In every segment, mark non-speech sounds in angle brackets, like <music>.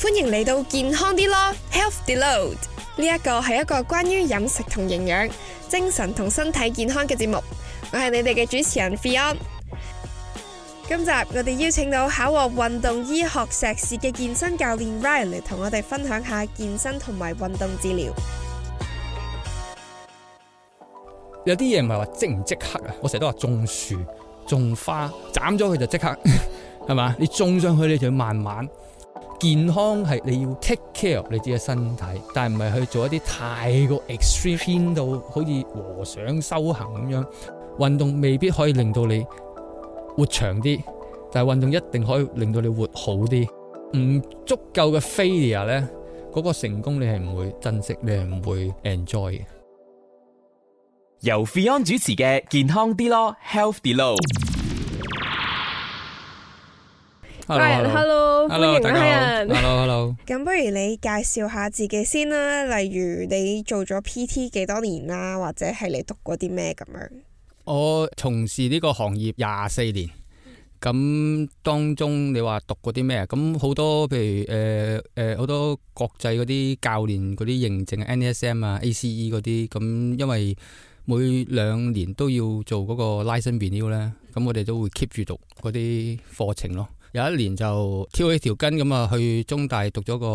歡迎嚟到健康啲咯，Health Deload 呢一個係一個關於飲食同營養、精神同身體健康嘅節目。我係你哋嘅主持人 Fion。 <music> 今集我哋邀請到考獲運動醫學碩士嘅健身教練 Ryan 嚟同我哋分享下健身同埋運動治療。有啲嘢唔係話即唔即刻啊！我成日都話種樹、種花，斬咗佢就即刻係嘛？ <laughs> 你種上去你就要慢慢。健康係你要 take care 你自己身體，但係唔係去做一啲太過 extreme 到好似和尚修行咁樣。運動未必可以令到你活長啲，但係運動一定可以令到你活好啲。唔足夠嘅 failure 咧，嗰個成功你係唔會珍惜，你係唔會 enjoy 嘅。由 Fion 主持嘅健康啲咯，health 啲咯。h 家人，hello，hello hello，hello。咁 hello, hello, hello, hello, hello, hello, 不如你介紹下自己先啦，例如你做咗 PT 幾多年啦，或者係你讀過啲咩咁樣？我從事呢個行業廿四年，咁當中你話讀過啲咩？咁好多，譬如誒誒，好、呃呃、多國際嗰啲教練嗰啲認證 NASM 啊、ACE 嗰啲，咁因為每兩年都要做嗰個 license renewal 咧，咁我哋都會 keep 住讀嗰啲課程咯。有一年就挑起條筋咁啊，去中大讀咗個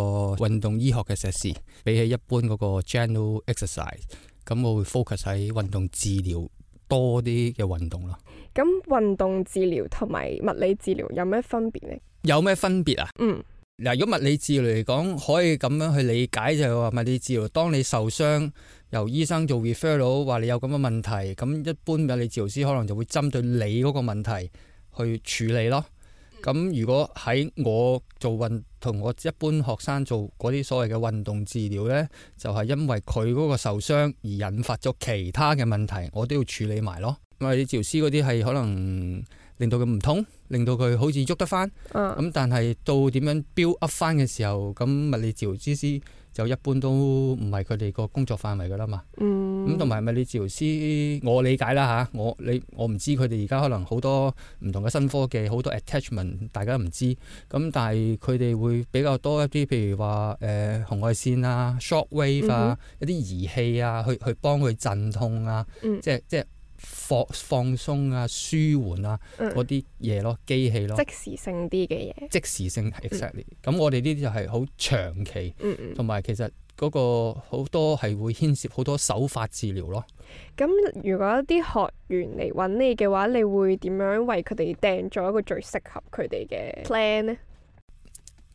運動醫學嘅碩士，比起一般嗰個 general exercise，咁我會 focus 喺運動治療多啲嘅運動咯。咁運動治療同埋物理治療有咩分別呢？有咩分別啊？嗯，嗱，如果物理治療嚟講，可以咁樣去理解就係話物理治療，當你受傷由醫生做 referral 話你有咁嘅問題，咁一般物理治療師可能就會針對你嗰個問題去處理咯。咁如果喺我做運動同我一般學生做嗰啲所謂嘅運動治療呢，就係、是、因為佢嗰個受傷而引發咗其他嘅問題，我都要處理埋咯。物理治療師嗰啲係可能令到佢唔痛，令到佢好似喐得翻。咁、嗯、但係到點樣 build up 翻嘅時候，咁物理治療師。就一般都唔係佢哋個工作範圍㗎啦嘛。咁同埋物理治療師，我理解啦吓，我你我唔知佢哋而家可能好多唔同嘅新科技，好多 attachment 大家唔知。咁、嗯、但係佢哋會比較多一啲，譬如話誒、呃、紅外線啊、short wave 啊，嗯、哼一啲儀器啊，去去幫佢鎮痛啊，嗯、即係即係。放放鬆啊、舒緩啊嗰啲嘢咯，機器咯，即時性啲嘅嘢，即時性 exactly。咁、嗯、我哋呢啲就係好長期，同埋、嗯嗯、其實嗰個好多係會牽涉好多手法治療咯。咁如果一啲學員嚟搵你嘅話，你會點樣為佢哋訂做一個最適合佢哋嘅 plan 呢？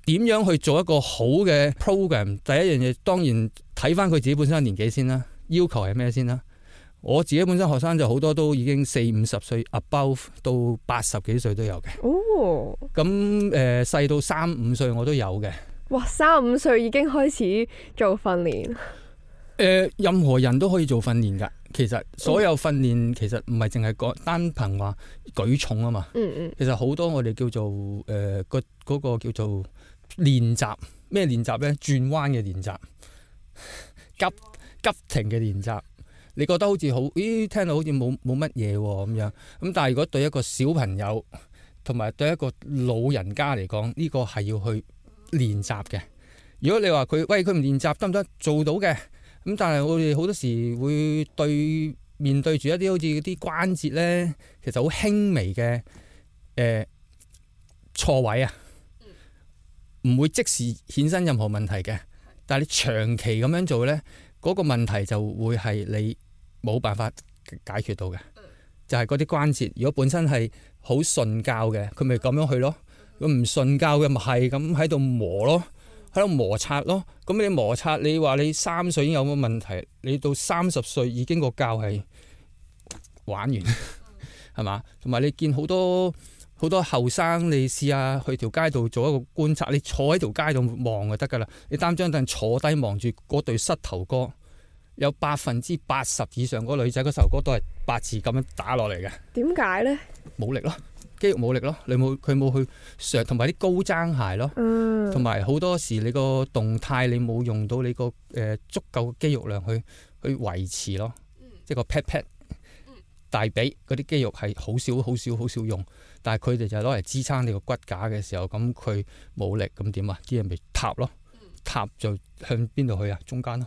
點樣去做一個好嘅 program？第一樣嘢當然睇翻佢自己本身嘅年紀先啦，要求係咩先啦？我自己本身學生就好多，都已經四五十歲 above 到八十幾歲都有嘅。哦，咁誒、嗯、細到三五歲我都有嘅。哇！三五歲已經開始做訓練。誒、呃，任何人都可以做訓練㗎。其實所有訓練其實唔係淨係講單憑話舉重啊嘛。嗯嗯。其實好多我哋叫做誒個嗰個叫做練習咩練習咧，轉彎嘅練習，急急停嘅練習。你覺得好似好，咦？聽到好似冇冇乜嘢喎咁樣。咁但係如果對一個小朋友同埋對一個老人家嚟講，呢個係要去練習嘅。如果你話佢，喂，佢唔練習，得唔得？做到嘅。咁但係我哋好多時會對面對住一啲好似啲關節呢，其實好輕微嘅誒、呃、錯位啊，嗯，唔會即時衍生任何問題嘅。但係你長期咁樣做呢，嗰個問題就會係你，冇辦法解決到嘅，就係嗰啲關節。如果本身係好信教嘅，佢咪咁樣去咯；如果唔信教嘅，咪係咁喺度磨咯，喺度摩擦咯。咁你摩擦，你話你三歲已經有乜問題，你到三十歲已經個教係玩完，係嘛、嗯？同埋 <laughs> 你見好多好多後生，你試下去條街度做一個觀察，你坐喺條街度望就得㗎啦。你擔張凳坐低望住嗰對膝頭哥。有百分之八十以上嗰女仔嗰首歌都係八字咁樣打落嚟嘅。點解咧？冇力咯，肌肉冇力咯。你冇佢冇去上，同埋啲高踭鞋咯，同埋好多時你個動態你冇用到你個誒、呃、足夠嘅肌肉量去去維持咯。嗯、即係個 pat pat 大髀嗰啲肌肉係好少好少好少，少用，但係佢哋就攞嚟支撐你個骨架嘅時候，咁佢冇力，咁點啊？啲人咪塌咯，塌就向邊度去啊？中間咯。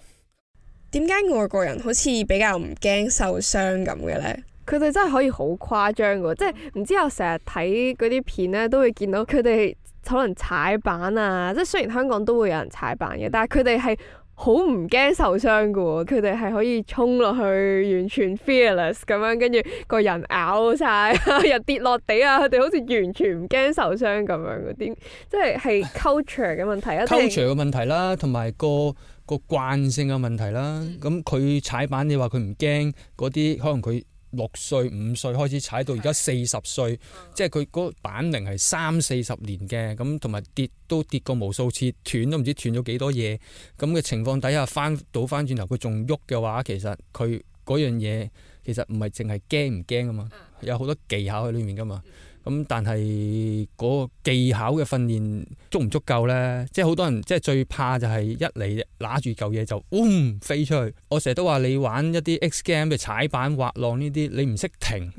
點解外國人好似比較唔驚受傷咁嘅咧？佢哋真係可以好誇張嘅，即係唔知我成日睇嗰啲片咧，都會見到佢哋可能踩板啊，即係雖然香港都會有人踩板嘅，但係佢哋係好唔驚受傷嘅。佢哋係可以衝落去完全 fearless 咁樣，跟住個人咬晒，又跌落地啊，佢哋好似完全唔驚受傷咁樣嘅。點即係係 culture 嘅問題啊唉？culture 嘅問題啦，同埋個。個慣性嘅問題啦，咁佢踩板你話佢唔驚嗰啲，可能佢六歲、五歲開始踩到而家四十歲，嗯、即係佢嗰板齡係三四十年嘅，咁同埋跌都跌過無數次，斷都唔知斷咗幾多嘢，咁嘅情況底下倒返轉頭佢仲喐嘅話，其實佢嗰樣嘢其實唔係淨係驚唔驚啊嘛，有好多技巧喺裏面噶嘛。嗯咁、嗯、但係嗰技巧嘅訓練足唔足夠咧？即係好多人即係、即係、最怕就係一嚟揦住嚿嘢就嗡、嗯、飛出去。我成日都話你玩一啲 X game 嘅踩板滑浪呢啲，你唔識停，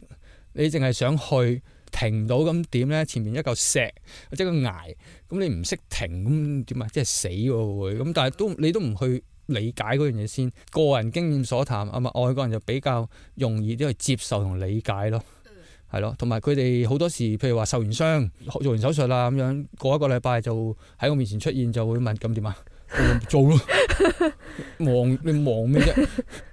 你淨係想去停唔到咁點咧？前面一嚿石或者個崖，咁你唔識停咁點啊？即係死喎會咁，但係都你都唔去理解嗰樣嘢先。個人經驗所談啊嘛，係咪外國人就比較容易啲去接受同理解咯。係咯，同埋佢哋好多時，譬如話受完傷、做完手術啊咁樣，過一個禮拜就喺我面前出現，就會問：咁點啊？做咯，望 <laughs> 你望咩啫？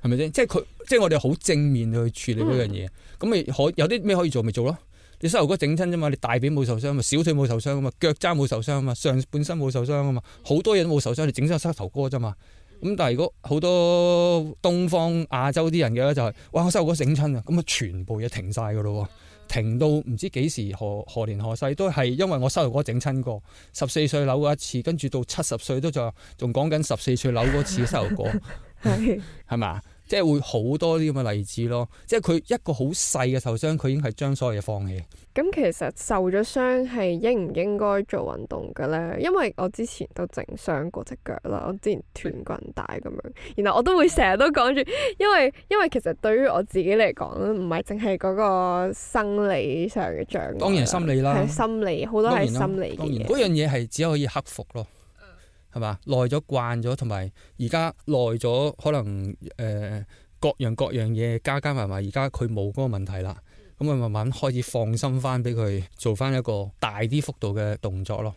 係咪先？即係佢，即係我哋好正面去處理嗰樣嘢。咁咪、嗯、可有啲咩可以做咪做咯？你膝頭哥整親啫嘛，你大髀冇受傷嘛，小腿冇受傷嘛，腳踭冇受傷嘛，上半身冇受傷啊嘛，好多嘢都冇受傷，你整親膝頭哥啫嘛。咁但係如果好多東方亞洲啲人嘅、就、咧、是，我就係哇我膝頭哥整親啊，咁啊全部嘢停晒㗎咯喎！停到唔知幾時，何何年何世都係，因為我膝頭哥整親，過十四歲扭過一次，跟住到七十歲都仲仲講緊十四歲扭嗰次膝頭哥，係嘛？ <laughs> <laughs> 即係會好多啲咁嘅例子咯，即係佢一個好細嘅受傷，佢已經係將所有嘢放棄。咁、嗯、其實受咗傷係應唔應該做運動嘅咧？因為我之前都整傷過隻腳啦，我之前斷韌帶咁樣，然後我都會成日都講住，因為因為其實對於我自己嚟講，唔係淨係嗰個生理上嘅障礙，當然係心，心理，好多係心理嘅。嗰、啊、樣嘢係只可以克服咯。係嘛？耐咗慣咗，同埋而家耐咗，可能誒、呃、各樣各樣嘢加加埋埋，而家佢冇嗰個問題啦。咁啊、嗯，慢慢開始放心翻，俾佢做翻一個大啲幅度嘅動作咯。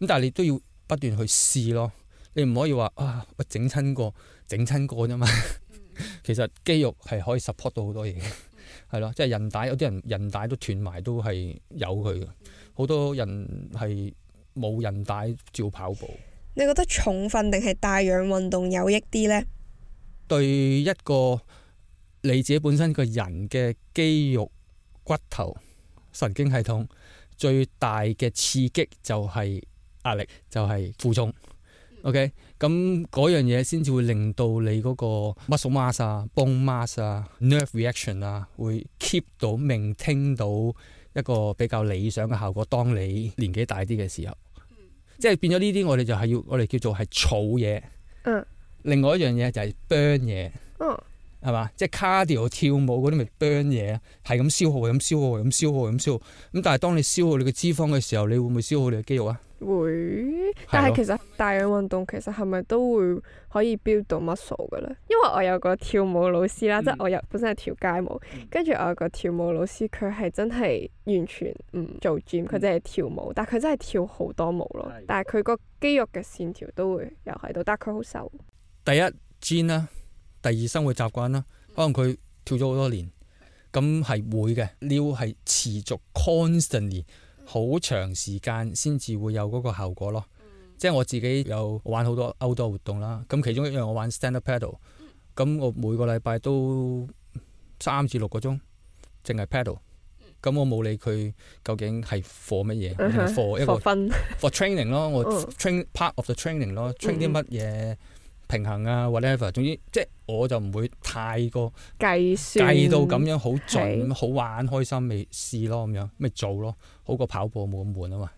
咁但係你都要不斷去試咯。你唔可以話啊，整親過整親過啫嘛。 <laughs> 其實肌肉係可以 support 到好多嘢嘅，係 <laughs> 咯，即係韌帶有啲人韌帶都斷埋都係有佢嘅。好、嗯、多人係冇韌帶照跑步。你覺得重訓定係帶氧運動有益啲呢？對一個你自己本身個人嘅肌肉、骨頭、神經系統最大嘅刺激就係壓力，就係負重。OK，咁嗰樣嘢，先至會令到你嗰個 muscle mass 啊、bone mass 啊、nerve reaction 啊，會 keep 到、maintain 到一個比較理想嘅效果，當你年紀大啲嘅時候。即係變咗呢啲，我哋就係要，我哋叫做係儲嘢。嗯。另外一樣嘢就係 burn 嘢。嗯。哦。係嘛？即係 cardio 跳舞嗰啲咪 burn 嘢，係咁消耗，係咁消耗，係咁消耗，係咁消耗。咁但係當你消耗你嘅脂肪嘅時候，你會唔會消耗你嘅肌肉啊？會，是咯 但係其實帶氧運動其實係咪都會可以 build 到 muscle 㗎咧？因為我有個跳舞老師啦，即係我有本身係跳街舞，跟住我有個跳舞老師，佢係、嗯嗯、真係完全唔做 gym，佢淨係跳舞，但係佢真係跳好多舞咯。但係佢個肌肉嘅線條都會有喺度，但係佢好瘦。第一 gym 啦。第二生活習慣啦，可能佢跳咗好多年，咁係會嘅。New 係持續 constantly 好長時間先至會有嗰個效果咯。嗯、即係我自己有玩好多 outdoor 活動啦，咁其中一樣我玩 paddle, standard pedal，咁我每個禮拜都三至六個鐘，淨係 pedal。咁我冇理佢究竟係 for 乜嘢、uh huh，for 一個 for, fun. <laughs> for training 咯，我 train part of the training 咯，train 啲乜嘢。嗯嗯平衡啊，whatever，總之即係我就唔會太過計算計到咁樣好盡、準是好玩、開心咪試咯咁樣咪做咯，好過跑步冇咁悶啊嘛。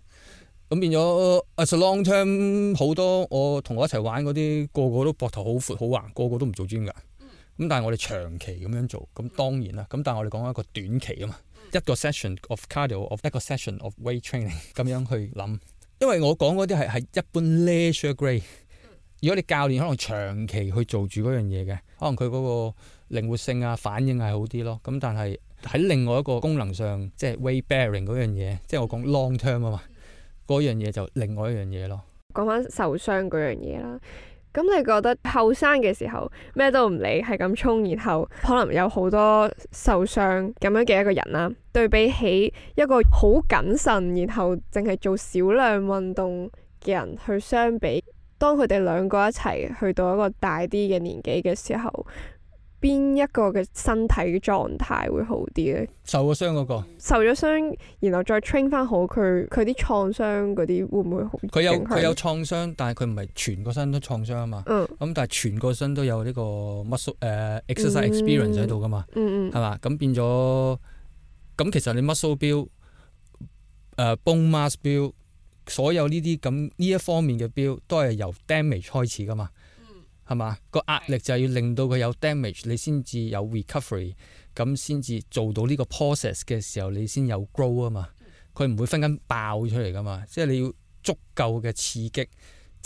咁變咗，as long term 好多我同我一齊玩嗰啲個個都膊頭好闊好橫，個個都唔做 gym 噶。咁、嗯、但係我哋長期咁樣做，咁當然啦。咁、嗯、但係我哋講一個短期啊嘛，嗯、一個 session of cardio of 一個 session of weight training，咁樣去諗。因為我講嗰啲係係一般 leisure grade。如果你教練可能長期去做住嗰樣嘢嘅，可能佢嗰個靈活性啊反應係好啲咯。咁但係喺另外一個功能上，即係 weight bearing 嗰樣嘢，即係我講 long term 啊嘛，嗰樣嘢就另外一樣嘢咯。講翻受傷嗰樣嘢啦，咁你覺得後生嘅時候咩都唔理，係咁衝，然後可能有好多受傷咁樣嘅一個人啦、啊，對比起一個好謹慎，然後淨係做少量運動嘅人去相比。當佢哋兩個一齊去到一個大啲嘅年紀嘅時候，邊一個嘅身體嘅狀態會好啲咧？受咗傷嗰、那個，受咗傷，然後再 train 翻好佢，佢啲創傷嗰啲會唔會好？佢有佢有創傷，但係佢唔係全個身都創傷啊嘛。咁、嗯、但係全個身都有呢個 muscle，誒、呃、exercise experience 喺度噶嘛。嗯嗯。係、嗯、嘛？咁變咗，咁其實你 muscle build 誒，bone mass build。所有呢啲咁呢一方面嘅標，都係由 damage 開始噶嘛，係嘛、嗯？個壓力就係要令到佢有 damage，你先至有 recovery，咁先至做到呢個 process 嘅時候，你先有 grow 啊嘛。佢唔會分緊爆出嚟噶嘛，即係你要足夠嘅刺激。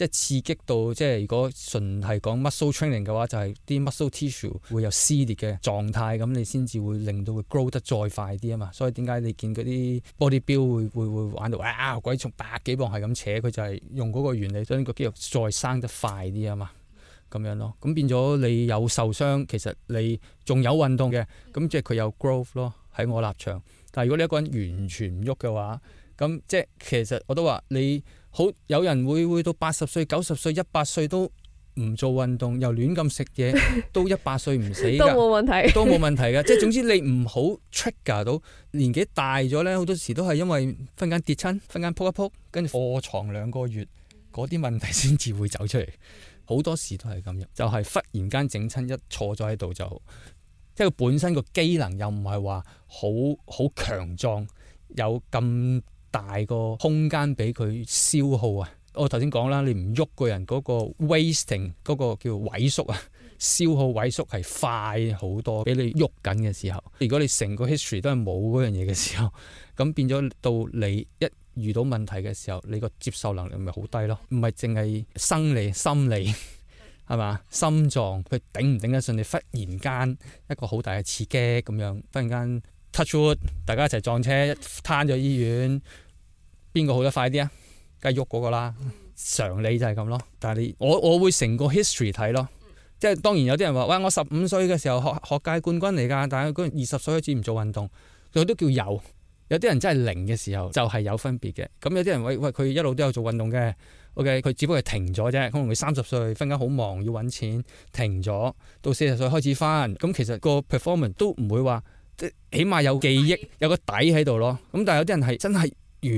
即係刺激到，即係如果純係講 muscle training 嘅話，就係啲 muscle tissue 會有撕裂嘅狀態，咁你先至會令到佢 grow 得再快啲啊嘛。所以點解你見嗰啲 bodybuilder 會會會玩到啊鬼重百幾磅係咁扯，佢就係用嗰個原理將個肌肉再生得快啲啊嘛。咁樣咯，咁變咗你有受傷，其實你仲有運動嘅，咁即係佢有 growth 咯。喺我立場，但係如果你一個人完全唔喐嘅話，咁即係其實我都話你。好，有人會會到八十歲、九十歲、一百歲都唔做運動，又亂咁食嘢，都一百歲唔死噶， <laughs> 都冇問題，都冇問題嘅。 <laughs> 即係總之你唔好 trigger 到年紀大咗呢，好多時都係因為瞓間跌親，瞓間扑一扑，跟住臥床兩個月，嗰啲問題先至會走出嚟。好多時都係咁樣，就係、是、忽然間整親一坐咗喺度就好，即係佢本身個機能又唔係話好好強壯，有咁。大個空間俾佢消耗啊！我頭先講啦，你唔喐個人嗰個 wasting 嗰個叫萎縮啊，消耗萎縮係快好多。俾你喐緊嘅時候，如果你成個 history 都係冇嗰樣嘢嘅時候，咁變咗到你一遇到問題嘅時候，你個接受能力咪好低咯？唔係淨係生理、心理係嘛？ <laughs> 心臟佢頂唔頂得順？你忽然間一個好大嘅刺激咁樣，忽然間。Touch wood，大家一齊撞車，攤咗醫院，邊個好得快啲啊？梗係喐嗰個啦。常理就係咁咯。但係你我我會成個 history 睇咯，即係當然有啲人話：喂，我十五歲嘅時候學學界冠軍嚟㗎，但係嗰二十歲開始唔做運動，佢都叫有。有啲人真係零嘅時候就係有分別嘅。咁有啲人喂喂佢一路都有做運動嘅，OK，佢只不過係停咗啫。可能佢三十歲分間好忙要揾錢停咗，到四十歲開始翻咁，其實個 performance 都唔會話。起碼有記憶，有個底喺度咯。咁但係有啲人係真係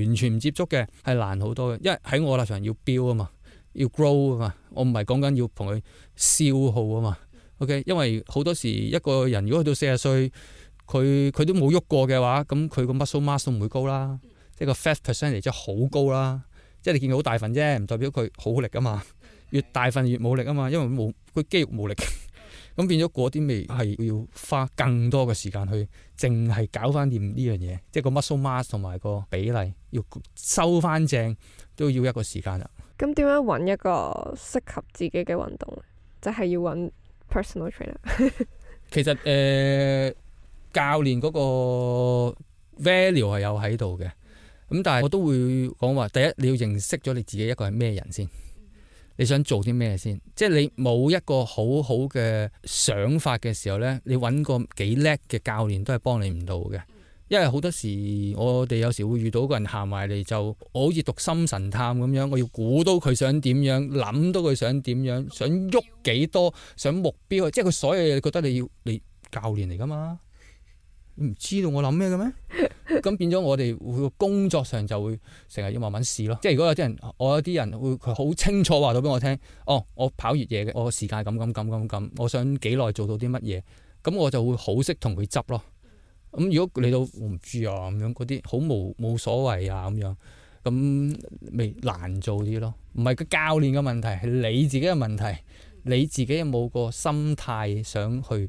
完全唔接觸嘅，係難好多嘅。因為喺我立場要 build 啊嘛，要 grow 啊嘛。我唔係講緊要同佢消耗啊嘛。OK，因為好多時一個人如果去到四十歲，佢佢都冇喐過嘅話，咁佢個 muscle mass 都唔會高啦。嗯、即係個 fat percentage 即係好高啦。嗯、即係你見佢好大份啫，唔代表佢好力噶嘛。嗯、越大份越冇力啊嘛，因為冇佢肌肉冇力。 <laughs> 咁變咗嗰啲未，係要花更多嘅時間去，淨係搞翻掂呢樣嘢，即係個 muscle mass 同埋個比例要收翻正，都要一個時間啦。咁點樣揾一個適合自己嘅運動？就係、是、要揾 personal trainer。 <laughs> 其實誒、呃，教練嗰個 value 係有喺度嘅，咁但係我都會講話，第一你要認識咗你自己一個係咩人先。你想做啲咩先？即係你冇一個好好嘅想法嘅時候呢，你揾個幾叻嘅教練都係幫你唔到嘅。因為好多時我哋有時會遇到個人行埋嚟就，我好似讀心神探咁樣，我要估到佢想點樣，諗到佢想點樣，想喐幾多，想目標，即係佢所有嘢你覺得你要你教練嚟噶嘛。唔知道我諗咩嘅咩？咁變咗我哋會工作上就會成日要慢慢試咯。即係如果有啲人，我有啲人會佢好清楚話到俾我聽，哦，我跑越野嘅，我個時間咁咁咁咁咁，我想幾耐做到啲乜嘢，咁我就會好識同佢執咯。咁如果你都唔知啊咁樣，嗰啲好無冇所謂啊咁樣，咁咪難做啲咯。唔係個教練嘅問題，係你自己嘅問題。你自己有冇個心態想去。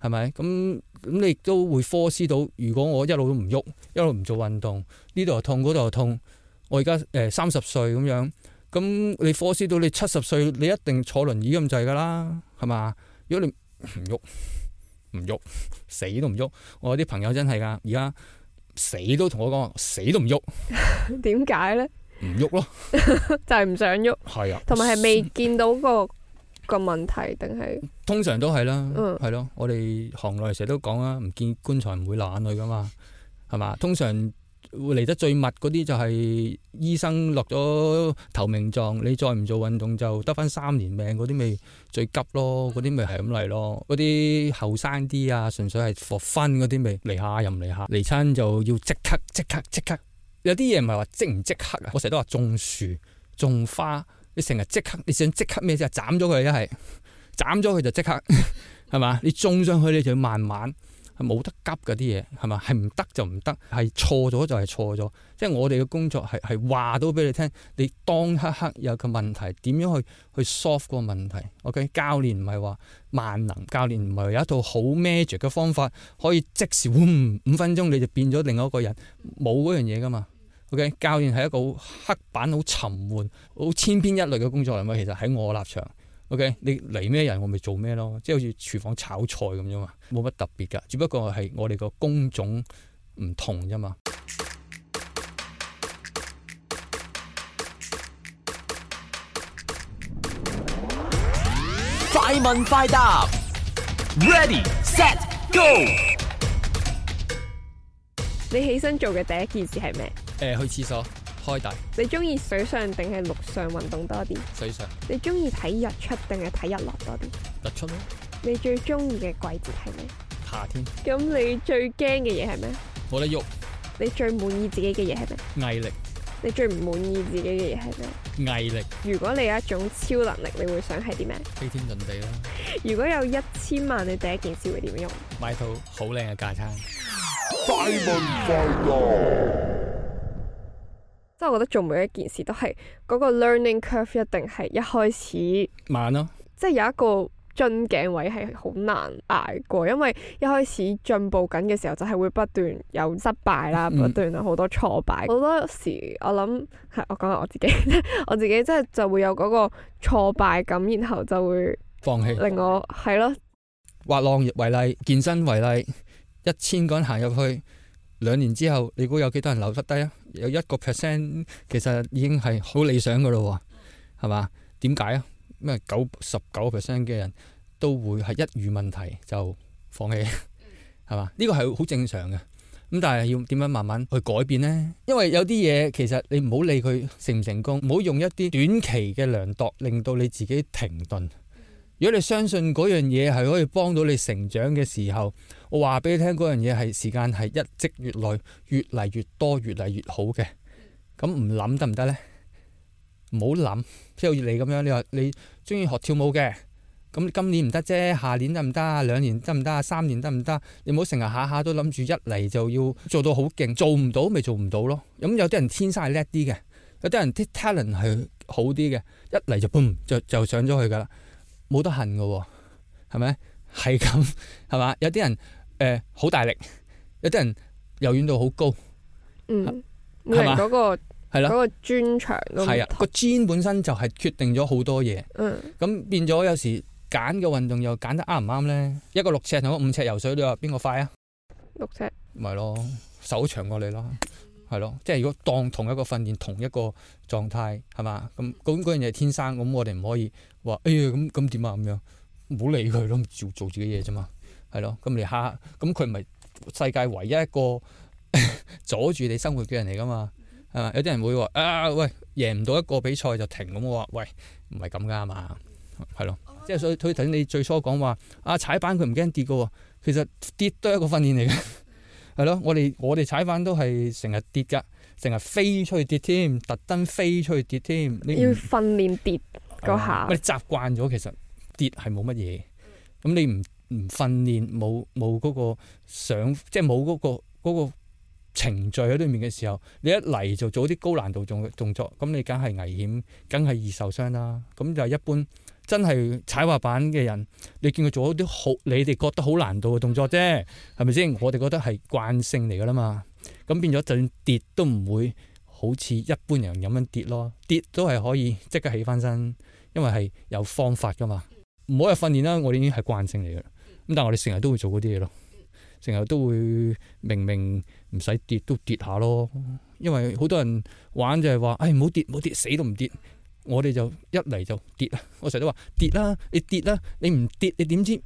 係咪？咁咁你亦都會 force 到。如果我一路都唔喐，一路唔做運動，呢度又痛，嗰度又痛。我而家誒三十歲咁樣，咁你 force 到你七十歲，你一定坐輪椅咁滯噶啦，係嘛？如果你唔喐，唔喐，死都唔喐。我有啲朋友真係噶，而家死都同我講，死都唔喐。點解咧？唔喐咯， <laughs> 就係唔想喐。係啊，同埋係未見到個。個問題定係通常都係啦，係咯、嗯，我哋行內成日都講啦，唔見棺材唔會流眼淚噶嘛，係嘛？通常會嚟得最密嗰啲就係醫生落咗投名狀，你再唔做運動就得返三年命嗰啲咪最急咯，嗰啲咪係咁嚟咯。嗰啲後生啲啊，純粹係 for fun 嗰啲咪嚟下又唔嚟下，嚟親就要即刻即刻即刻即刻。有啲嘢唔係話即唔即刻啊，我成日都話種樹種花。你成日即刻，你想即刻咩啫？斬咗佢一係，斬咗佢就即刻，係嘛？你種上去，你就要慢慢，係冇得急噶啲嘢，係嘛？係唔得就唔得，係錯咗就係錯咗。即係我哋嘅工作係係話到俾你聽，你當刻刻有個問題，點樣去去 solve 個問題？OK，教練唔係話萬能，教練唔係有一套好 magic 嘅方法可以即時，五五分鐘你就變咗另外一個人，冇嗰樣嘢噶嘛。O、okay? K，教練係一個好黑板好沉悶、好千篇一律嘅工作嚟嘅。其實喺我立場，O、okay? K，你嚟咩人，我咪做咩咯。即係好似廚房炒菜咁樣啊，冇乜特別嘅，只不過係我哋個工種唔同啫嘛。快問快答，Ready，set，go。你起身做嘅第一件事係咩？誒，去廁所開大。你中意水上定係陸上運動多啲？水上。你中意睇日出定係睇日落多啲？日出咯、啊。你最中意嘅季節係咩？夏天。咁你最驚嘅嘢係咩？冇得喐。你最滿意自己嘅嘢係咩？毅力。你最唔滿意自己嘅嘢係咩？毅力。如果你有一種超能力，你會想係啲咩？飛天遁地啦。 <laughs> 如果有一千萬，你第一件事會點用？買套好靚嘅架餐。快民大教。 即係我覺得做每一件事都係嗰、嗰個 learning curve 一定係一開始慢咯、啊，即係有一個樽頸位係好難捱過，因為一開始進步緊嘅時候就係會不斷有失敗啦，不斷有好多挫敗。好、嗯、多時我諗係我講下我自己， <laughs> 我自己真係就會有嗰個挫敗感，然後就會放棄，令我係咯。滑浪為例，健身為例，一千個人行入去，兩年之後你估有幾多人留得低啊？1 有一個 percent 其實已經係好理想噶咯喎，係嘛？點解啊？因為九十九 percent 嘅人都會係一遇問題就放棄，係嘛？呢個係好正常嘅。咁但係要點樣慢慢去改變呢？因為有啲嘢其實你唔好理佢成唔成功，唔好用一啲短期嘅量度令到你自己停頓。如果你相信嗰樣嘢係可以幫到你成長嘅時候，我話俾你聽，嗰樣嘢係時間係日積月累越嚟越多，越嚟越好嘅。咁唔諗得唔得呢？唔好諗，譬如你咁樣，你話你中意學跳舞嘅，咁今年唔得啫，下年得唔得啊？兩年得唔得啊？三年得唔得？你唔好成日下下都諗住一嚟就要做到好勁，做唔到咪做唔到咯。咁有啲人天生係叻啲嘅，有啲人啲 talent 係好啲嘅，一嚟就 boom 就就上咗去㗎啦。冇得恨嘅喎，係咪？係咁，係嘛？有啲人誒好、呃、大力，有啲人柔軟度好高，嗯，係嗰、啊嗰個係啦，嗰個專長咯，係啊，個專本身就係決定咗好多嘢，嗯，咁變咗有時揀嘅運動又揀得啱唔啱咧？一個六尺同個五尺游水，你話邊個快啊？六尺，咪咯，手長過你咯。係咯，即係如果當同一個訓練、同一個狀態，係嘛？咁咁嗰樣嘢天生咁，我哋唔可以話，哎呀咁咁點啊咁樣，唔好理佢咯，照做自己嘢咋嘛？係咯，咁你下，咁佢咪世界唯一一個 <laughs> 阻住你生活嘅人嚟噶嘛？係嘛？有啲人會話啊，喂，贏唔到一個比賽就停咁，我話喂，唔係咁噶嘛，係咯，即係所以，所以你最初講話啊踩板佢唔驚跌嘅喎，其實跌都係一個訓練嚟嘅。係咯，我哋我哋踩板都係成日跌噶，成日飛出去跌添，特登飛出去跌添。你要訓練跌個下，呃。你習慣咗其實跌係冇乜嘢，咁你唔唔訓練冇冇嗰個想即係冇嗰個程序喺裏面嘅時候，你一嚟就做啲高難度動動作，咁你梗係危險，梗係易受傷啦。咁就一般。真係踩滑板嘅人，你見佢做一啲好，你哋覺得好難度嘅動作啫，係咪先？我哋覺得係慣性嚟噶啦嘛。咁變咗，就算跌都唔會好似一般人咁樣跌咯。跌都係可以即刻起翻身，因為係有方法噶嘛。唔好係訓練啦，我哋已經係慣性嚟嘅。咁但係我哋成日都會做嗰啲嘢咯，成日都會明明唔使跌都跌下咯。因為好多人玩就係話，唉，唔好跌唔好跌，死都唔跌。我哋就一嚟就跌啦！我成日都話跌啦，你跌啦，你唔跌你點 <laughs> <laughs> 知？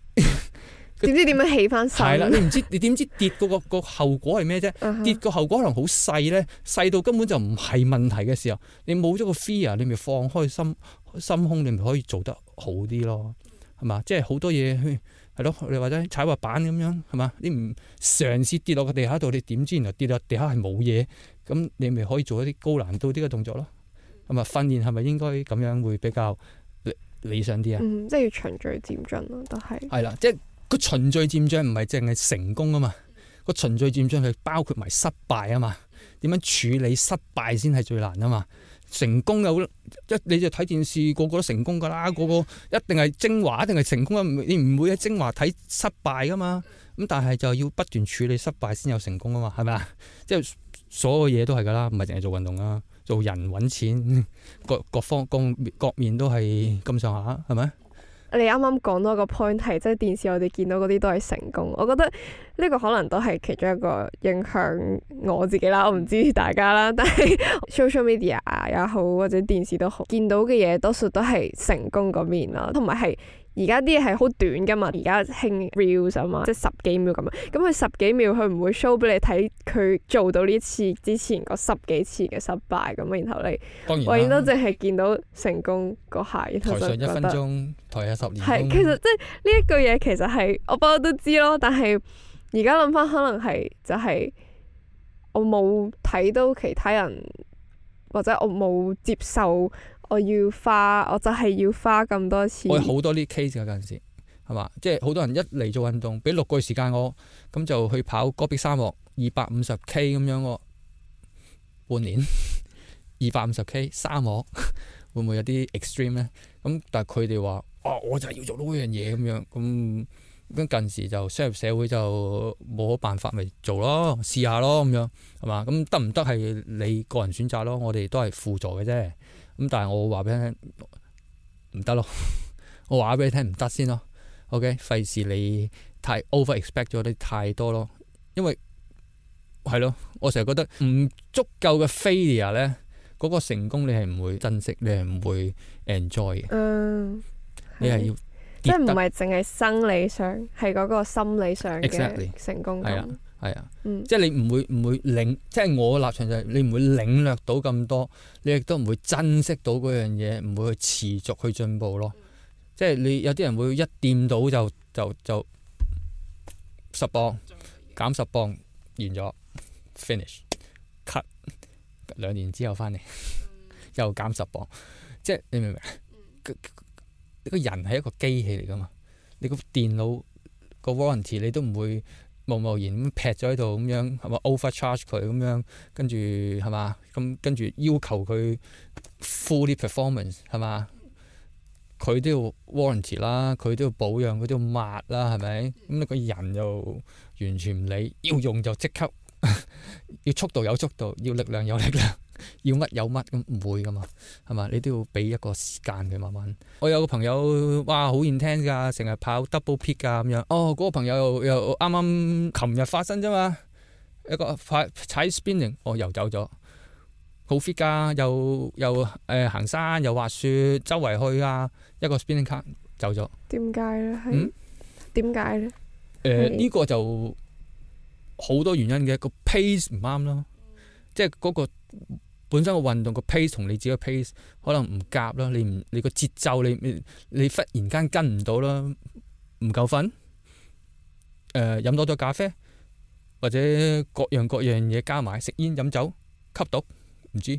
點知點樣起翻身？係啦，你唔知你點知跌個個個後果係咩啫？跌個後果可能好細咧，細到根本就唔係問題嘅時候，你冇咗個 fear，你咪放開心心胸，你咪可以做得好啲咯，係嘛？即係好多嘢去係咯，你或者踩滑板咁樣係嘛？你唔嘗試跌落個地下度，你點知原來跌落地下係冇嘢？咁你咪可以做一啲高難度啲嘅動作咯。咁啊，訓練係咪應該咁樣會比較理想啲啊？嗯，即係循序漸進咯，都係。係啦，即係個循序漸進唔係淨係成功啊嘛，個循序漸進係包括埋失敗啊嘛。點樣處理失敗先係最難啊嘛？成功有一你就睇電視，個個都成功噶啦，個個一定係精華，一定係成功啊！你唔會喺精華睇失敗噶嘛？咁但係就要不斷處理失敗先有成功啊嘛？係咪啊？即係所有嘢都係噶啦，唔係淨係做運動啊。做人揾錢，各各方各面都係咁上下，係咪？你啱啱講多個 point 係，即係電視我哋見到嗰啲都係成功。我覺得呢個可能都係其中一個影響我自己啦，我唔知大家啦。但係 social media 也好或者電視都好，見到嘅嘢多數都係成功嗰面咯，同埋係。而家啲嘢係好短噶嘛，而家興 reels 啊嘛，即係十幾秒咁啊。咁佢十幾秒佢唔會 show 俾你睇佢做到呢次之前個十幾次嘅失敗咁，然後你當然啊，永遠都淨係見到成功個下。然後台上一分鐘，台下十年。係，其實即係呢一句嘢其實係我不嬲都知咯。但係而家諗翻，可能係就係我冇睇到其他人，或者我冇接受。我要花，我就係要花咁多錢。我有好多啲 case 㗎，近時係嘛，即係好多人一嚟做運動，俾六個月時間我，咁就去跑戈壁沙漠二百五十 k 咁樣喎，半年二百五十 k 沙漠會唔會有啲 extreme 咧？咁但係佢哋話啊，我就係要做到呢樣嘢咁樣咁，咁近時就商業社會就冇乜辦法咪做咯，試下咯咁樣係嘛，咁得唔得係你個人選擇咯，我哋都係輔助嘅啫。咁但係我話俾你聽，唔得咯！ <laughs> 我話俾你聽唔得先咯。OK，費事你太 over expect 咗啲太多咯。因為係咯，我成日覺得唔足夠嘅 failure 咧，嗰個成功你係唔會珍惜，你係唔會 enjoy 嘅。嗯，你係要即係唔係淨係生理上，係嗰個心理上嘅成功。嗯係啊，嗯、即係你唔會唔會領，即係我嘅立場就係你唔會領略到咁多，你亦都唔會珍惜到嗰樣嘢，唔會去持續去進步咯。嗯、即係你有啲人會一掂到就就就十磅、嗯、減十磅減十磅完咗，finish cut 兩 <laughs> 年之後翻嚟 <laughs> 又減十磅，即係你明唔明？個個、嗯、人係一個機器嚟噶嘛，你個電腦個 warranty 你都唔會。貿貿然咁劈咗喺度咁樣，係咪 overcharge 佢咁樣？跟住係嘛？咁跟住要求佢 full 啲 performance 係嘛？佢都要 warrant 啦，佢都要保養，佢都要抹啦，係咪？咁、那、你個人就完全唔理，要用就即刻， <laughs> 要速度有速度，要力量有力量。 <laughs> 要乜有乜咁唔會噶嘛係嘛？你都要俾一個時間佢慢慢。我有個朋友哇，好願聽噶，成日跑 double peak 噶咁樣哦。嗰、那個朋友又啱啱琴日發生啫嘛，一個踩 spinning 哦又走咗，好 fit 噶，又又誒、呃、行山又滑雪周圍去啊，一個 spinning car 走咗。點解咧？係點解咧？誒、嗯，呢、哎呃這個就好多原因嘅個 pace 唔啱咯，即係嗰個。本身個運動個 pace 同你自己個 pace 可能唔夾啦，你唔你個節奏你你忽然間跟唔到啦，唔夠瞓，誒飲多咗咖啡或者各樣各樣嘢加埋，食煙飲酒吸毒唔知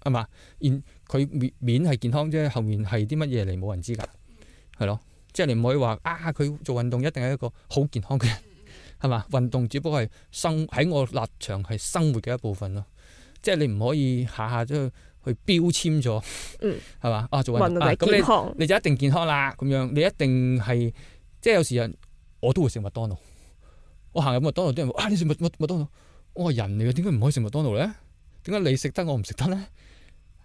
係嘛？然佢面面係健康啫，後面係啲乜嘢嚟冇人知噶，係咯？即係你唔可以話啊，佢做運動一定係一個好健康嘅人，係嘛？運動只不過係生喺我立場係生活嘅一部分咯。即係你唔可以下下都去標籤咗，係嘛、嗯？啊，做運動咁、啊、你你就一定健康啦。咁樣你一定係，即係有時人我都會食麥當勞。我行入麥當勞啲人話，啊，你食麥麥麥當勞，我係人嚟嘅，點解唔可以食麥當勞咧？點解你食得我唔食得咧？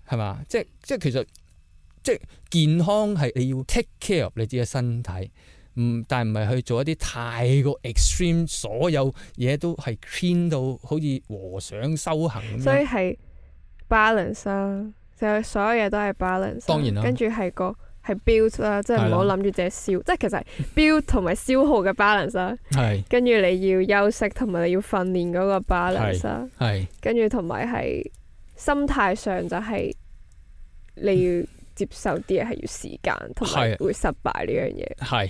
係嘛？即係即係其實即係健康係你要 take care 你自己嘅身體。嗯，但係唔係去做一啲太過 extreme，所有嘢都係 clean 到好似和尚修行咁樣。所以係 balance 啦、啊，就係、是、所有嘢都係 balance、啊。當然啦，跟住係個係 build 啦、啊，即係唔好諗住淨係燒，的即係其實係 build 同埋消耗嘅 balance 啦、啊。係。 <laughs> 跟住你要休息，同埋你要訓練嗰個 balance、啊。係。跟住同埋係心態上就係你要接受啲嘢係要時間，同埋會失敗呢樣嘢。係。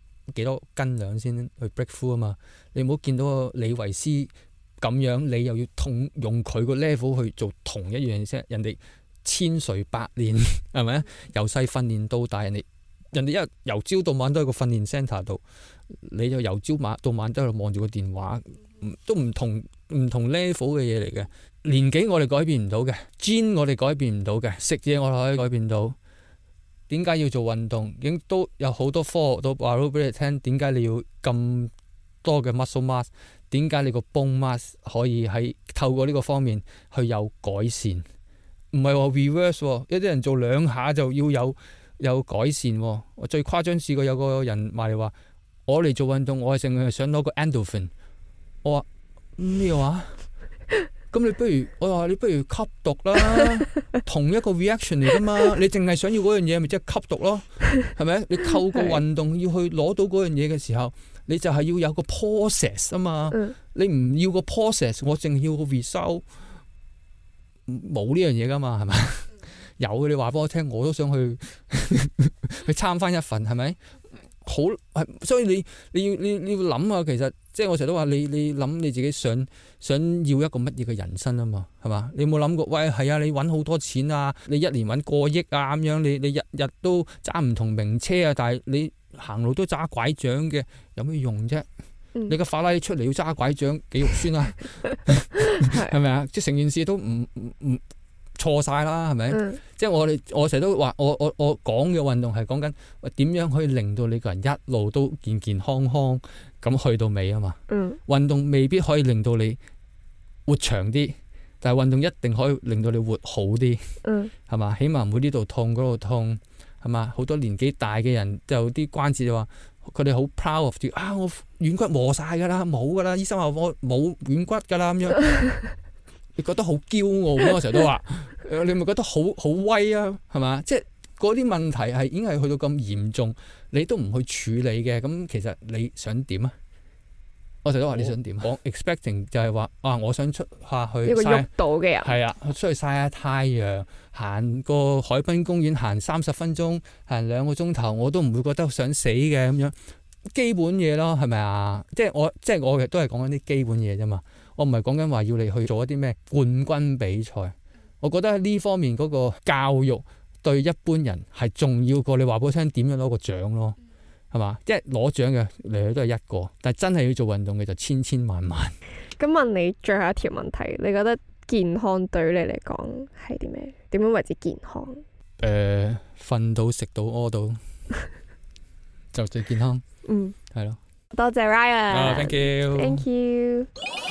幾多斤兩先去 break through 啊嘛？你唔好見到個李維斯咁樣，你又要同用佢個 level 去做同一樣嘢，人哋千錘百煉，係咪啊？由細訓練到大，人哋人哋一由朝到晚都喺個訓練 centre 度，你就由朝晚到晚都喺度望住個電話，都唔同唔同 level 嘅嘢嚟嘅。年紀我哋改變唔到嘅，gene 我哋改變唔到嘅，食嘢我哋可以改變到。點解要做運動？已經都有好多科學都話咗俾你聽，點解你要咁多嘅 muscle mass？點解你個 bone mass 可以喺透過呢個方面去有改善？唔係話 reverse 喎，一啲人做兩下就要有有改善喎。我最誇張試過有個人埋嚟話，我嚟做運動，我係淨係想攞個 endorphin。我話咩話？嗯 <laughs> 咁你不如我話你不如吸毒啦， <laughs> 同一個 reaction 嚟噶嘛，你淨係想要嗰樣嘢，咪即係吸毒咯，係咪？ <laughs> 你透過運動要去攞到嗰樣嘢嘅時候，你就係要有個 process 啊嘛， <laughs> 你唔要個 process，我淨要個 result，冇呢樣嘢噶嘛，係咪？有嘅你話俾我聽，我都想去 <laughs> 去參翻一份，係咪？好係，所以你你要你要諗啊，其實即係我成日都話你，你諗你自己想想要一個乜嘢嘅人生啊嘛，係嘛？你有冇諗過？喂，係啊，你搵好多錢啊，你一年搵過億啊咁樣，你你日日都揸唔同名車啊，但係你行路都揸拐杖嘅，有咩用啫？嗯，你個法拉利出嚟要揸拐杖，幾肉酸啊？係咪啊？即係成件事都唔唔唔。錯晒啦，係咪？嗯、即係我哋，我成日都話，我我我講嘅運動係講緊點樣可以令到你個人一路都健健康康咁去到尾啊嘛。嗯、運動未必可以令到你活長啲，但係運動一定可以令到你活好啲，係嘛？嗯、起碼唔會呢度痛，嗰度痛，係嘛？好多年紀大嘅人就有啲關節就話，佢哋好 proud of you 啊！我軟骨磨晒㗎啦，冇㗎啦，醫生話我冇軟骨㗎啦咁樣。 <laughs> 你覺得好驕傲 <laughs> 我成日都話，你咪覺得好好威啊？係嘛？即係嗰啲問題係已經係去到咁嚴重，你都唔去處理嘅。咁其實你想點啊我？我成日都話你想點講 expecting 就係話啊，我想出下去曬到嘅人係啊，出去曬下太陽，行個海濱公園，行三十分鐘，行兩個鐘頭，我都唔會覺得想死嘅咁樣。基本嘢咯，係咪啊？即係我即係我亦都係講緊啲基本嘢啫嘛。我唔係講緊話要你去做一啲咩冠軍比賽，我覺得喺呢方面嗰個教育對一般人係重要過你話俾我聽，點樣攞個獎咯，係嘛？即係攞獎嘅嚟嚟去去都係一個，但係真係要做運動嘅就千千萬萬。咁、嗯、問你最後一條問題，你覺得健康對你嚟講係啲咩？點樣為之健康？誒、呃，瞓到食到屙到 <laughs> 就最健康。嗯，係咯。多謝 Ryan 啊，thank you。Thank you。